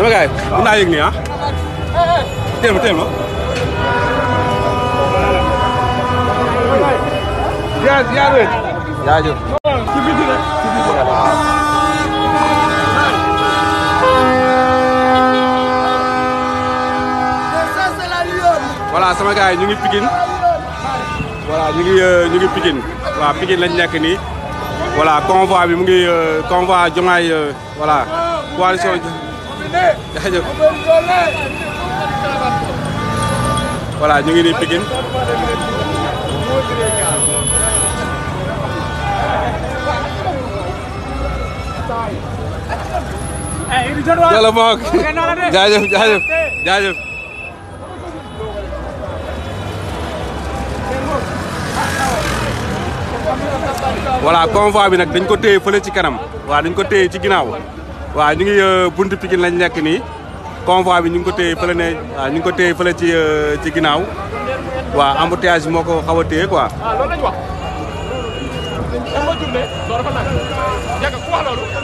Sebagai, benda yang ni ah. Tem, tem, no. Ya, ya, wait. Ya, jo. Kipi tu lah. Kipi tu lah. Voilà sama gars yi ñu ngi Pikine voilà ñu ngi ñu ngi Pikine waaw Pikine lañ nekk nii voilà convoi bi mu ngi convoi Diomaye ờ, voilà coalition jaajëf voilà ñu ngi nii Pikine eh, yàlla moog jaajëf jaajëf jaajëf voilà convoi bi nag dañ ko téye fële ci kanam waa dañ ko téye ci ginnaaw waaw ñu ngi euh, buntu Pikine la nekk ni convoi bi ñu ngi ko téye fële ne ñu ngi ko téye fële ci euh, ci ginnaaw waaw embouteillage bi moo ko xaw a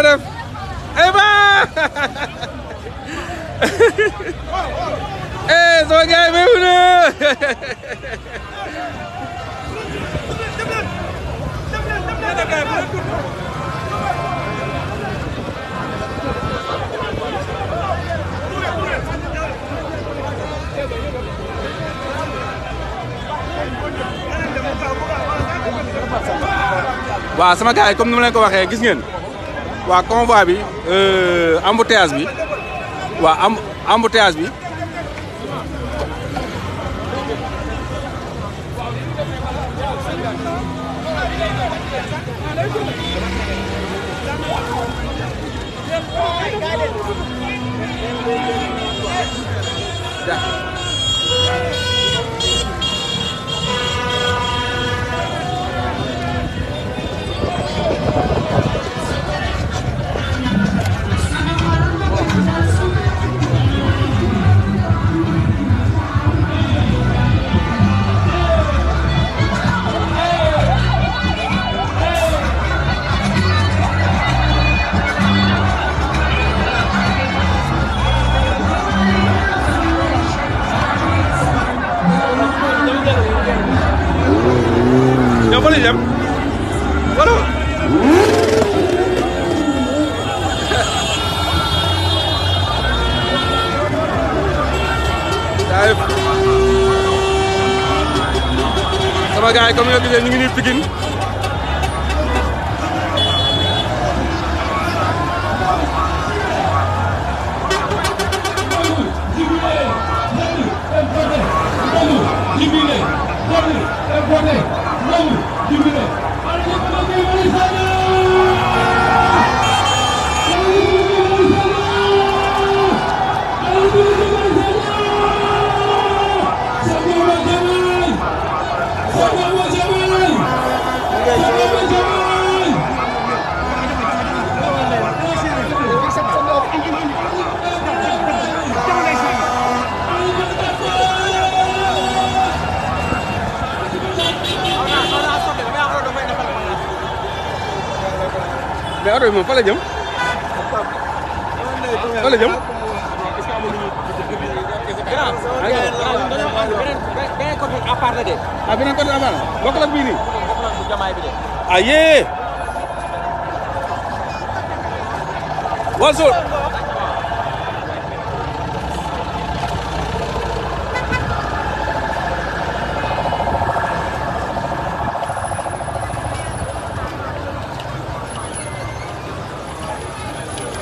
ko def eh, sama gars yi béyu na waaw sama gars yi comme ni leen ko waxee gis ngeen waa convoi bi euh, embouteillage bi waa am bi comme ni nga gisee ñu ngi nii Pikine la jëm. fan ah, la jëm. beneen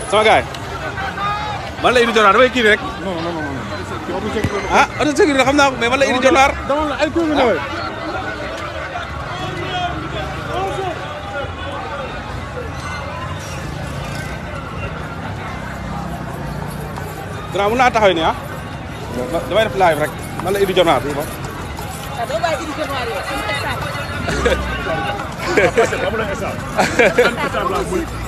sama gars man la indi jonaar damay kii rek. non non non ah auto sécurité xam naa ko mais man la indi jonaar. dama la ay criminel. grand mun naa taxaw ni ah. damay def live rek man la indi jonaar. ah doo bàyyi indi jonaar yow.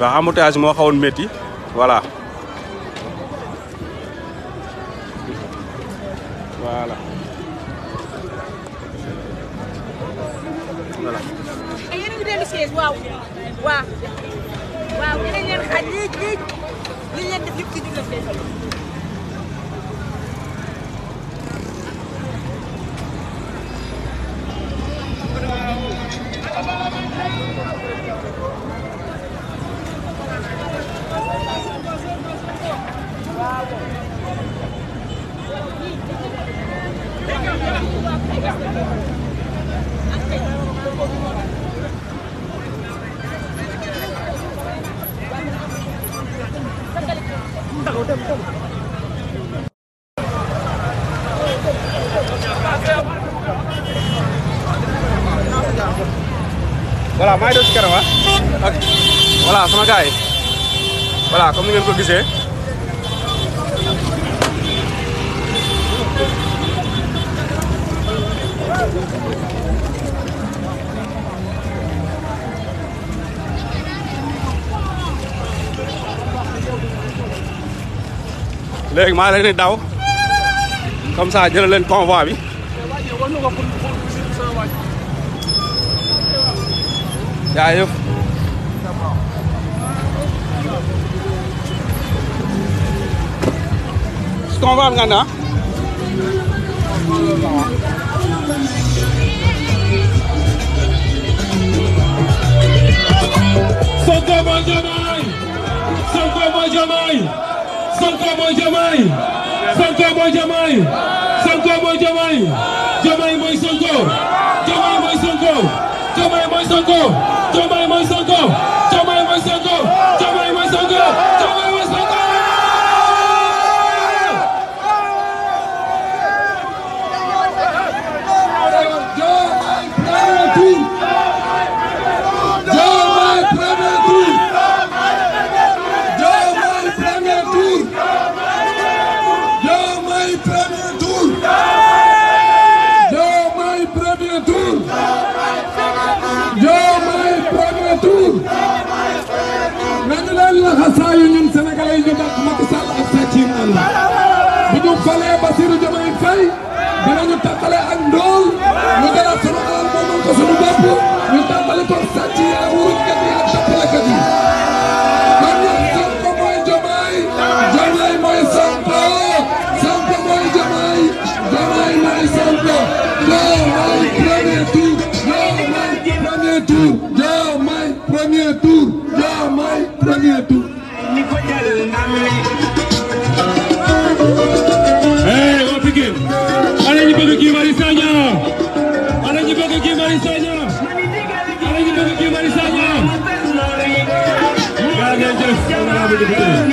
waaw embouteillage moo xawoon métti voilà. Voilà, maa ngi doon si kanam ah. ok voilà sama gars yi voilà comme ni ngeen ko gisee. léegi maa leen di daw comme ça jëlee leen convoi bi. Dạ được. Con vào ngàn nữa. Socorro mãe de mãe! Socorro mãe de mãe! Socorro mãe de mãe! Socorro mãe de mãe! Socorro mãe de mãe! De mãe mãe socorro! De mãe mãe socorro! Diomaye mooy Sonko Diomaye mooy Sonko Diomaye mooy Sonko de Vitória.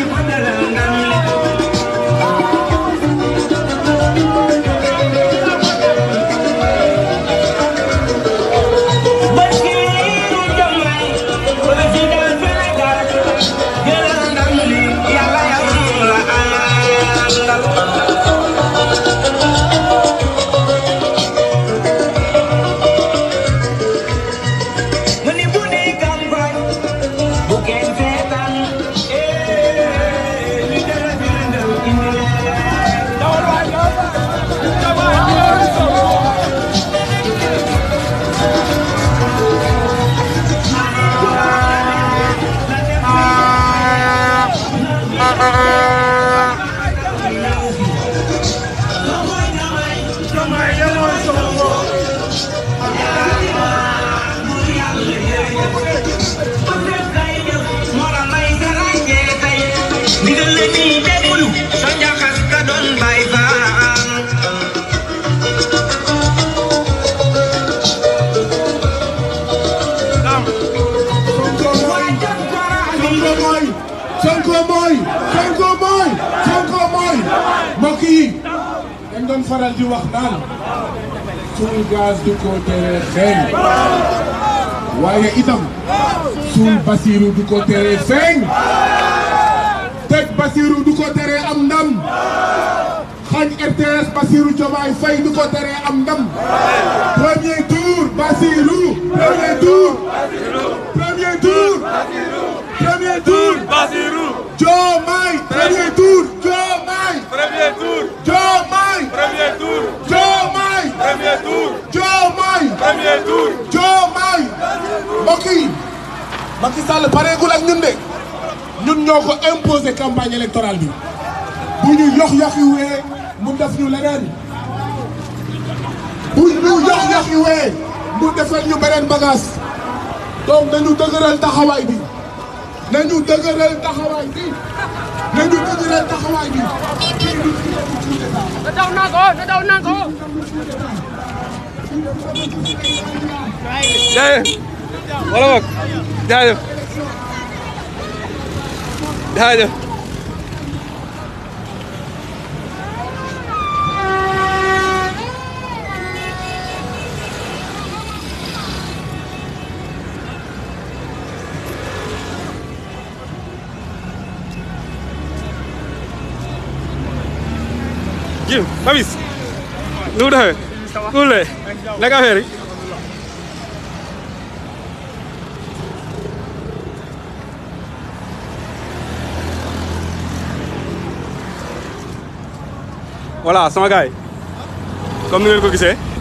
doon faral di suul Basiru du ko teree feeñ Basiru du ko teree am ndam xañ RTS Basiru Diomaye Faye du ko am ndam premier tour Basiru premier tour premier tour premier tour Basiru Diomaye premier tour premier tour. Diomaye. mbokk yi. Macky Sall pareegul ak ñun de. ñun ñoo ko imposé campagne électorale bi. bu ñu yox yoxi wee def ñu leneen. bu ñu yox yoxi wee mu ñu beneen bagage. donc nañu dëgëral taxawaay bi. nañu dëgëral taxawaay bi. nañu dëgëral taxawaay bi. na daw naa ko na daw Gel. Bana bak. Gel. Gel. Jim, Mavis. Lu dah. Lu leh. naka affaire yi. voilà sama gars yi comme ni ngeen ko gisee.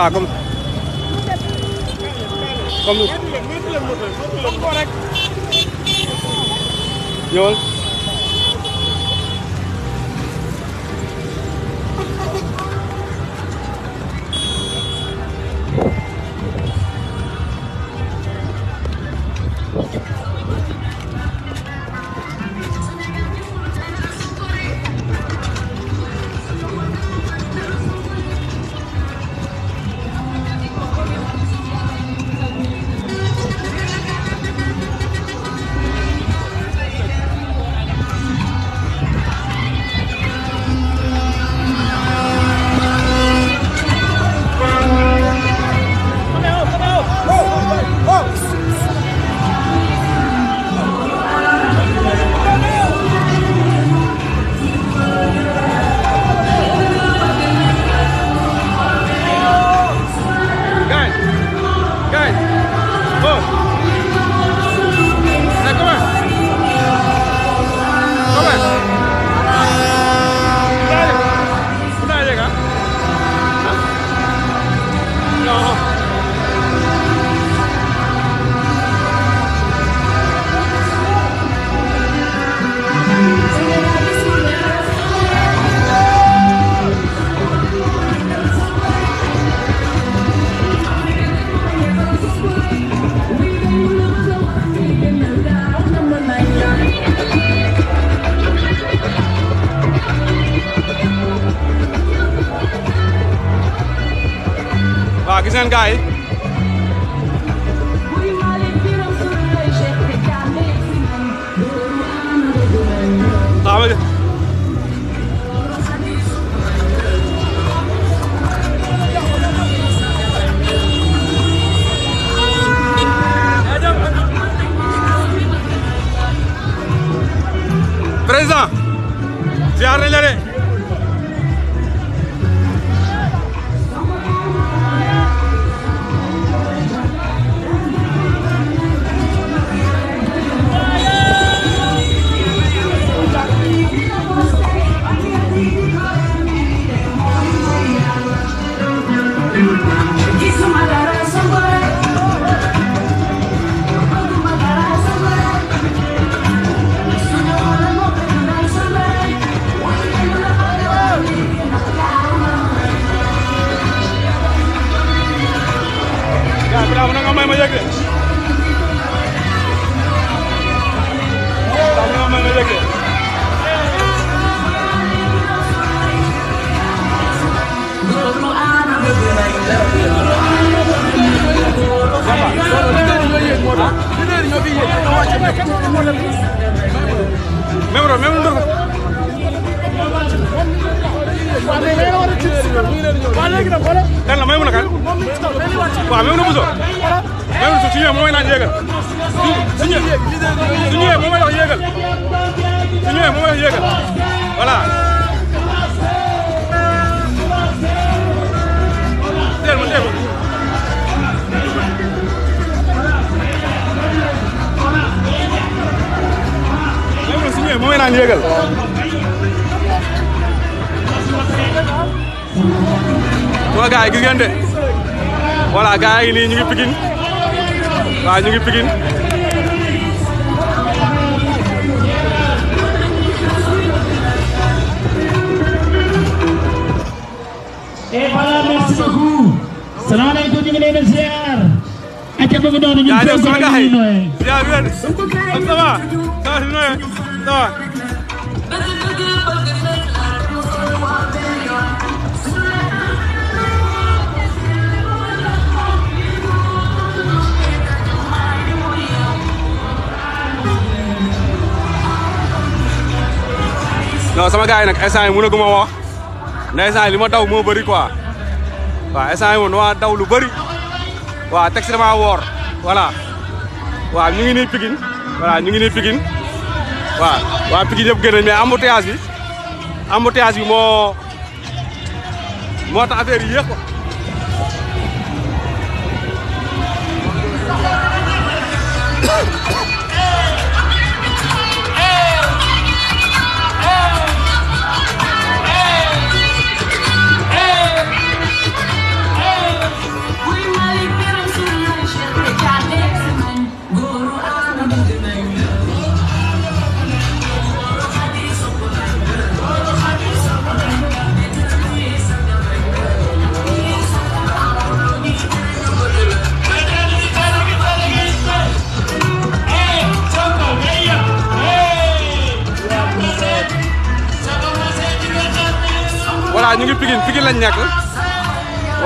lá, como guy sama gars yi gis ngeen de voilà gars yi nii ñu ngi Pikine waaw ñu ngi Pikine et voilà merci beaucoup. salaamaaleykum ñu ngi leen a ziar. ak képp ku doon ñu ngi koy ziar. jaajëf sama gars yi ziar leen. ça va ça va non sama gars yi nag instant yi mënaguma wax ndax li ma daw moo bëri quoi waaw instant yi moom dama daw lu bëri waaw teg si damaa woor voilà waaw ñu ngi nii Pikine voilà ñu ngi nii Pikine waaw waaw Pikine yëpp gën a mais embouteillage bi embouteillage bi moo moo tax affaire yi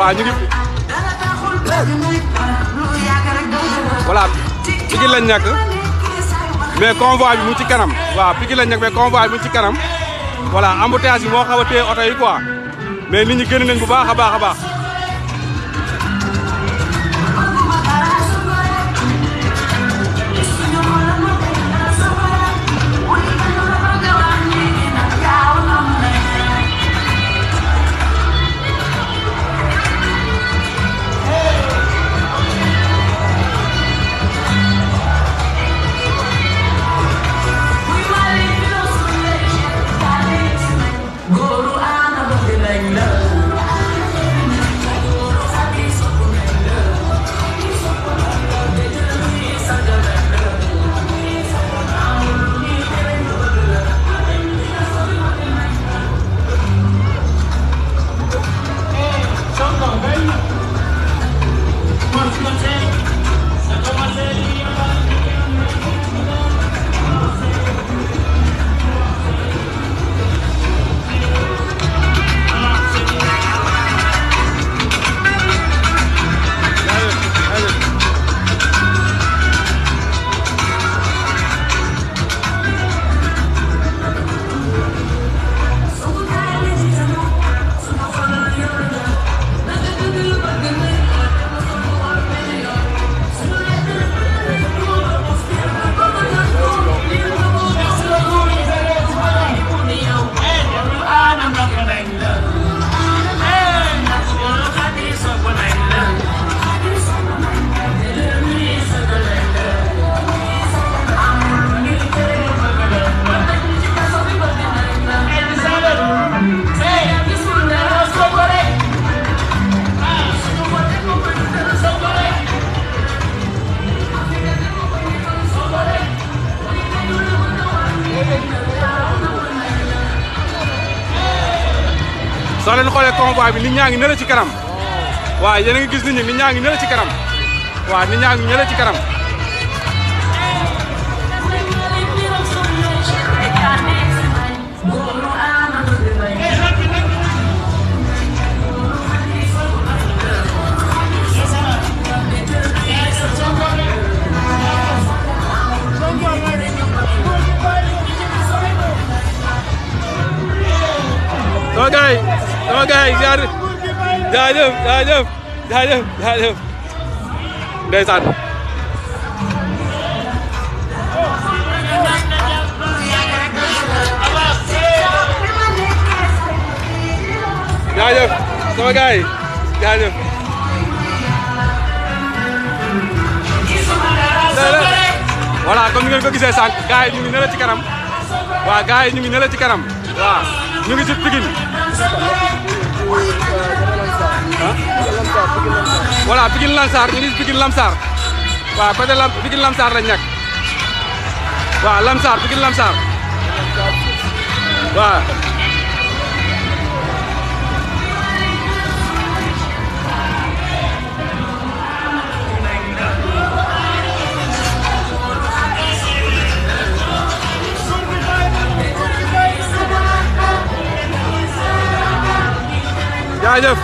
waaw ñu ngi. voilà Pikine lañ nekk mais bi mu ci kanam waaw Pikine lañ nekk mais convoi bi mu ci kanam voilà embouteillage bi moo xaw a téye oto yi quoi mais nit ñi gën nañ bu baax a baax a baax. combat bi nit ñaa ngi ci kanam waaw yéen a gis nit ñi nit ñaa ngi ci kanam waaw nit ñaa ngi ci kanam Okay. sama gars yi jaar jaajëf jaajëf jaajëf jaajëf ndeysaan jaajëf sama gars yi jaajëf voilà comme ni ngeen ko gisee sànq gars yi ñu ngi ne la ci kanam waaw gars yi ñu ngi ne la ci kanam waaw ñu ngi ci Pikine voilà Pikine Lansar ñu ngi Pikine Lamsar waaw côté Lamsar lañ nekk waaw Lamsar Pikine jaajëf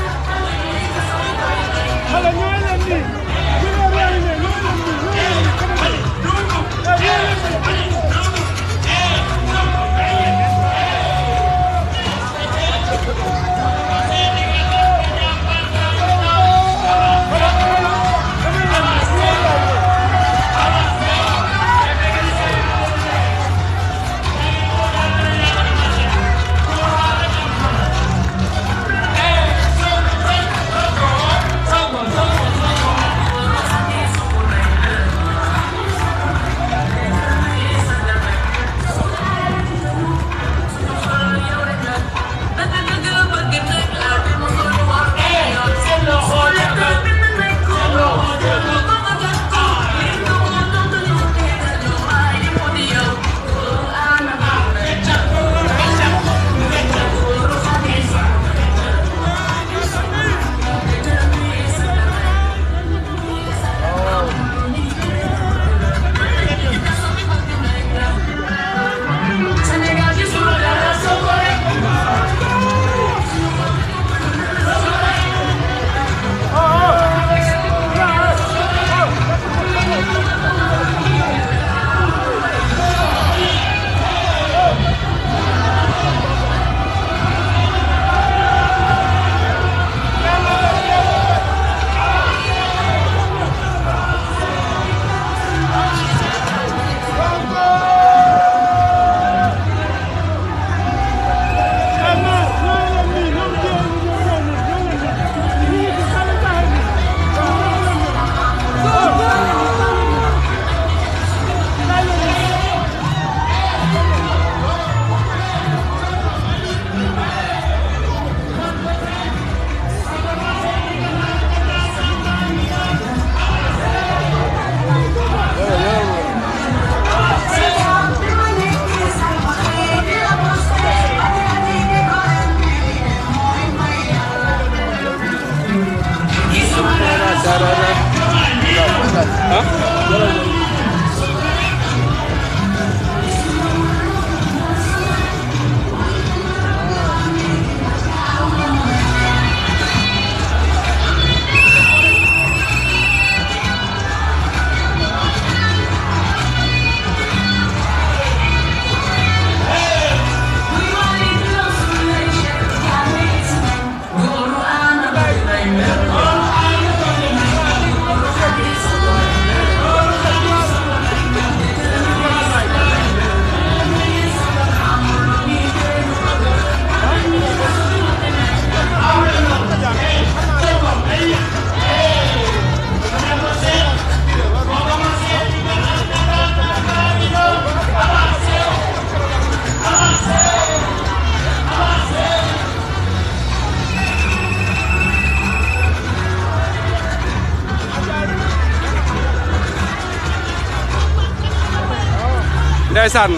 ndeysaan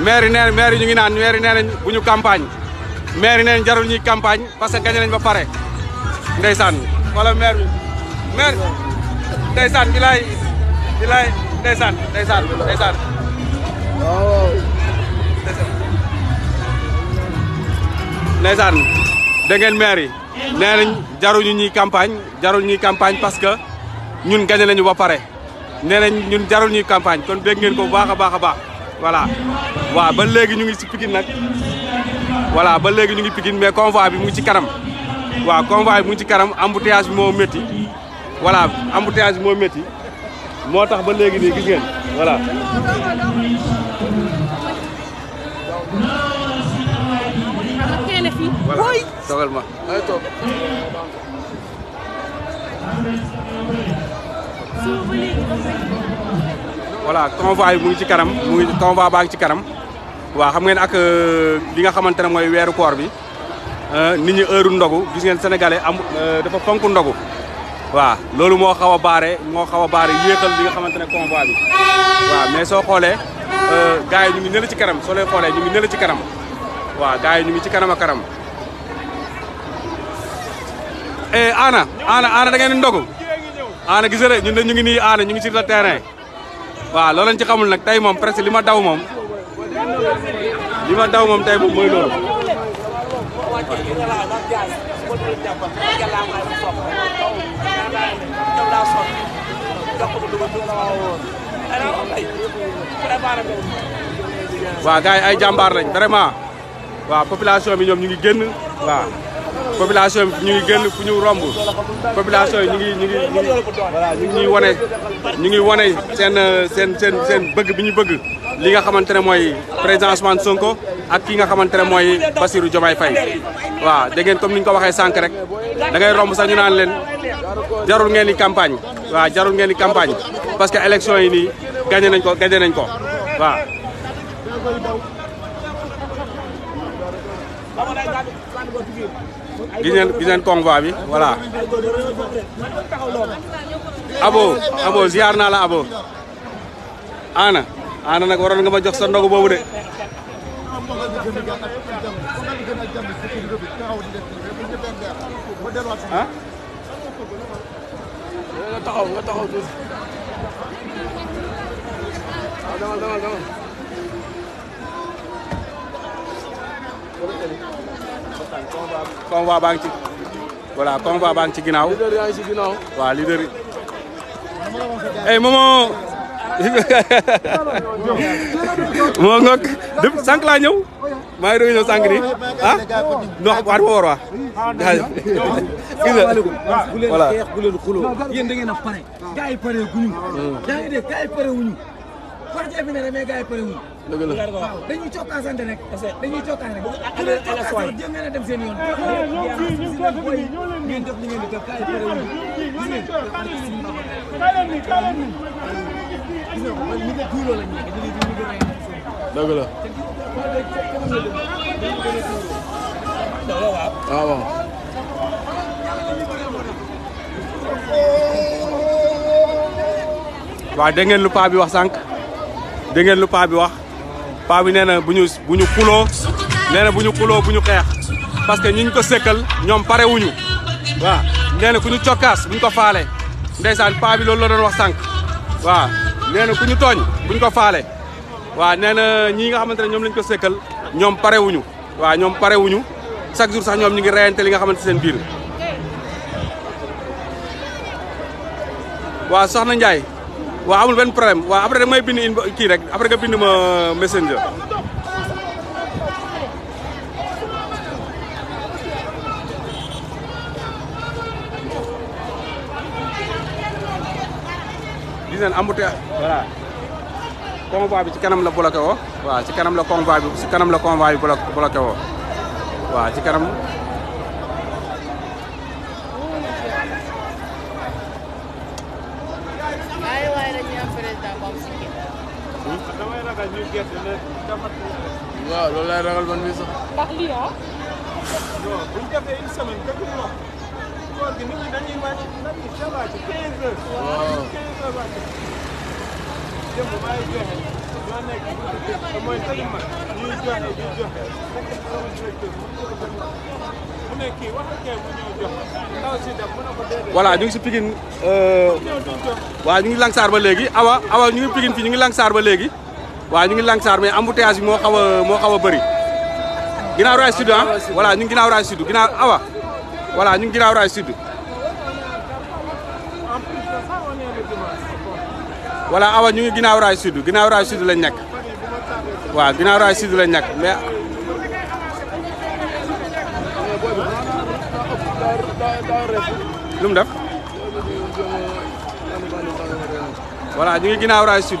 maire yi Mary maire Mary ñu ngi naan maire yi nee bu ñu campagne maire yi Mary, Mary, jarul ñuy campagne parce que gagné nañ ba paré ndaysan wala maire bi maire bi lay bi lay ndaysan ndaysan ndaysan ndaysan da ngeen maire yi nee nañ ñi campagne jarul ñi campagne parce que ñun gagné nañu ba pare nee nañ ñun jarul ñuy campagne kon dégg ngeen ko bu baax baax voilà waaw ba léegi ñu ngi si Pikine nag voilà ba léegi ñu ngi Pikine mais convoi bi mu ngi ci kanam waaw convoi mu ngi ci kanam embouteillage moo métti voilà embouteillage moo métti moo tax ba léegi nii gis ngeen voilà convoi mu ngi ci kanam mu ngi baa ngi ci kanam waaw xam ngeen ak euh, li nga xamante ne mooy weeru koor bi euh, nit ñi heure ndogu gis ngeen am euh, dafa fonk ndogu waaw loolu moo xaw a baare moo xaw a baare yéexal li nga xamante ne convoi bi mais soo xoolee gars yi ñu ngi nële ci kanam soo xoolee ñu ngi nële ci kanam waaw gars yi ñu ngi ci kanam a kanam eh, ana ana ana da ngeen ndogu ana gisale ñun de ñu ngi nii ana ñu ngi sur le terrain waaw loolu lañ ci xamul nag tey moom presque li ma daw moom li daw moom tey moom mooy loolu. waaw gars yi ay jàmbaar lañ vraiment waaw population bi ñoom ñu ngi génn waaw. population bi ñu génn fu ñu romb population yi ñu ngi ñu ngi ñuy wane ñu ngi wane seen seen seen seen bëgg bi ñu bëgg li nga xamante ne mooy président Sonko ak ki nga xamante ne mooy Bassirou Diomaye Faye waaw dégg ngeen comme ni ñu ko waxee sànq rek da ngay romb sax ñu naan leen jarul ngeen di campagne waaw jarul ngeen di campagne parce que élection yi nii gagné nañ ko gagné nañ ko waaw gis ngeen gis ngeen convoi bi voilà abo naa la abo ana ana nag waroon nga ma jox sa ndogu boobu de ah nga taxaw convoi baa ngi ci voilà convoi baa ngi ci ginnaaw. leader yaa ngi ci ginnaaw. Ngok dëpp laa ñëw maa ngi doon ñëw sànq nii ah? waat ma war waa. voilà. yéen da ngeen a pare. pare guñu. Hmm. yaa ngi wax ji éminé na mais gars yi ngeen a dem seen dëgg la. waaw lu paa bi wax sànq. dengen lu pa bi wax pa bi nee buñu buñu kulo bu buñu kulo buñu xex parce que ñiñ ko sekkal ñom paré wuñu wa nee kuñu ciokas buñ ko faalé ndaysan pa bi loolu la doon wax sank wa nee kuñu togn buñ ko faalé wa nee ñi nga xamantene ñom lañ ko sekkal ñom paré wuñu wa ñom paré wuñu chaque jour sax ñom ñi ngi reyante li nga xamantene seen biir wa soxna ndjay waaw amul benn problème waa après damay bind in kii rek après nga bind ma messenger. gis nañ amute voilà convoi bi ci kanam la bloqué woo waa ci kanam la convoi bi ci kanam la convoi bi bloqué woo waaw ci kanam. gerte ini dafa waaw loolu ñu voilà ñu euh waaw ñu ngi Langsar ba légui awa awa ñu ngi Pikine ñu ngi Langsar ba légui waaw ñu ngi lancer mais embouteillage mo xawa mo xawa bari ginaaw ray sud hein voilà ñu ginaaw ray sud ginaaw awa voilà ñu ginaaw ray sud voilà awa ñu ginaaw ray sud ginaaw ray sud lañ nek waaw ginaaw ray sud lañ nek mais lum mu def voilà ñu ngi ginnaaw sud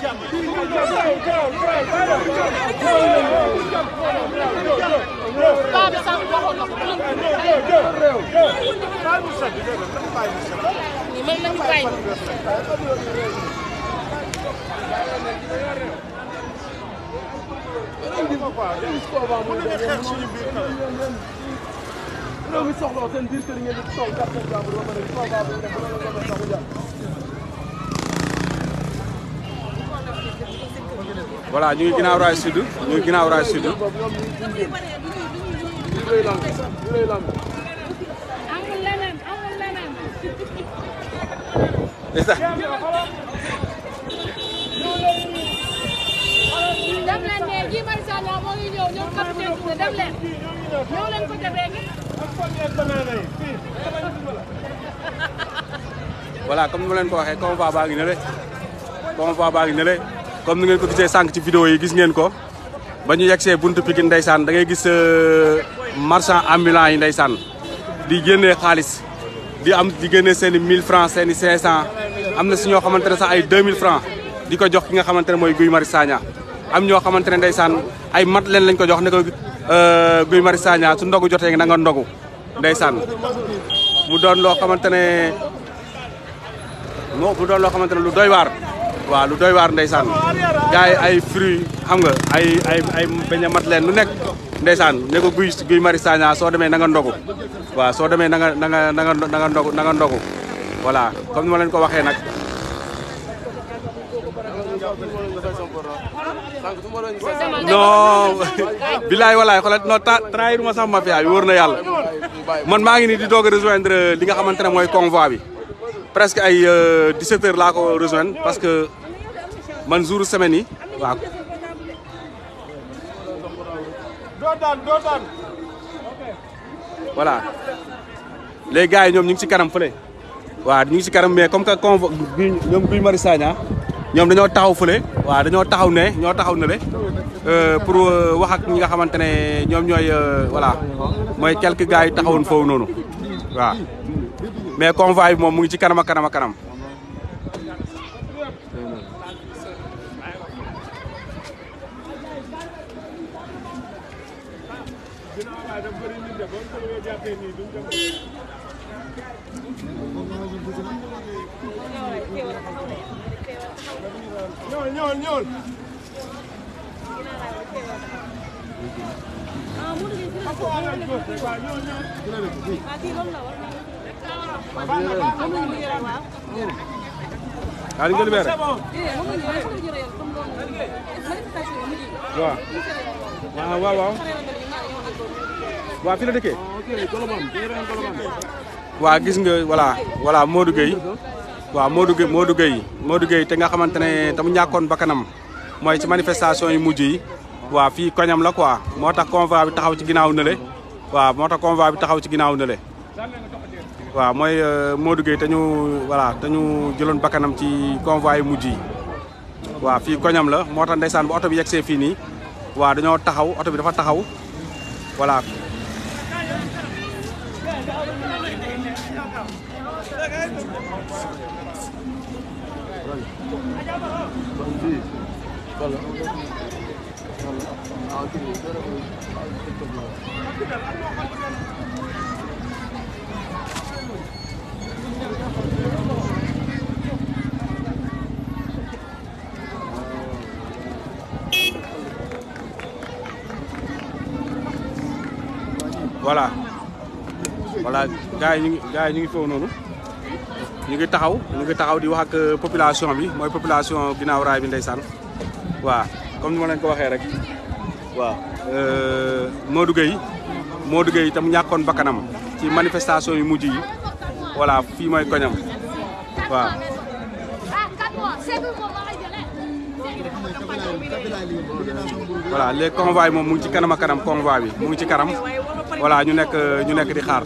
réew mi soxla seen biir kër ngeen di toog voilà ñu ngi ginnaaw raay sud ñu ngi ginnaaw raay sud dem leen ne Guy Marius Sagna moo ngi ñëw ñoom capitaine Touré dem leen ñëw leen ko jabee ngi voilà comme ni ma leen ko waxee convoi baa ngi ne le convoi baa ngi ne le comme ni ngeen ko gisee sànq ci vidéo yi gis ngeen ko ba ñu yegsee buntu Pikine ndeysaan da ngay gis euh, marchand ambulant yi ndeysaan di génnee xaalis di am di génnee seen i 1000 francs seen i 500 am na si ñoo xamante ne sax ay 2000 francs di ko jox ki nga xamante ne mooy Guy mari Sagna am ñoo xamante ne ndeysaan ay mat leen lañ ko jox na ko euh, Guy mari Sagna su ndogu jotee nanga nga ndogu ndeysaan mu doon loo xamante ne mu doon loo xamante ne lu doy waar. waaw lu doy waar ndeysaan gars ay fruits xam nga ay ay ay bañ a mat leen lu nekk ndeysaan ne ko guy guy mari sagna soo demee na nga ndogu waaw soo demee na nga na nga na nga na nga ndogu na nga ndogu voilà comme ni ma leen ko waxee nag non bilaay walaay xoolal non trahir ma sax mafia bi wóor na man ngi di rejoindre li nga convoi bi presque ay 17 euh, ko rejoindre parce que man jour semaine yi waaw. voilà les gars yi ñoom ñu ngi ci kanam fule waaw ñu ngi ci kanam mais comme que convo ñoom Guy Marius Sagna ñoom dañoo taxaw fule waaw dañoo taxaw ne ñoo taxaw ne le euh, pour euh, wax ak ñi nga xamante ne ñoom ñooy euh, voilà mooy quelques gars yi taxawoon foofu noonu waaw mais convoi moom mu ngi ci kanam ak kanam ak kanam. ñool ñool ñool daal di nga libéré waaw waaw waaw waa fi la dëkkee. Ah, waaw gis nga voilà voilà Modou Gueye waaw Modou Gueye Modou Gueye Modou te nga xamante ne te mu ñàkkoon bakkanam mooy ci manifestation yi mujj yi waa fii koñam la ko moo tax convoi bi taxaw ci ginnaaw nële waaw moo tax convoi bi taxaw ci ginnaaw nële mooy euh, moo Gueye te ñu voilà jëloon bakkanam ci convoi yi mujj yi waa fii koñam la moo tax ndeysaan ba oto bi yegsee fii nii waa dañoo taxaw oto bi dafa taxaw voilà Voilà. voilà gaa yi ñu ngi yi ñu ngi foofu noonu ñu ngi taxaw ñu ngi taxaw di wax ak euh, population bi mooy population ginnaaw raay bi ndeysaan waaw comme ni ma leen ko waxee rek waaw euh, Modou Gueye Modou Gueye itam ñàkkoon ba kanam ci manifestation yu mujj yi voilà fii mooy koñam waaw voilà les moom mu ngi ci kanam a kanam convoi bi mu ngi ci kanam voilà ñu nekk ñu nekk di xaar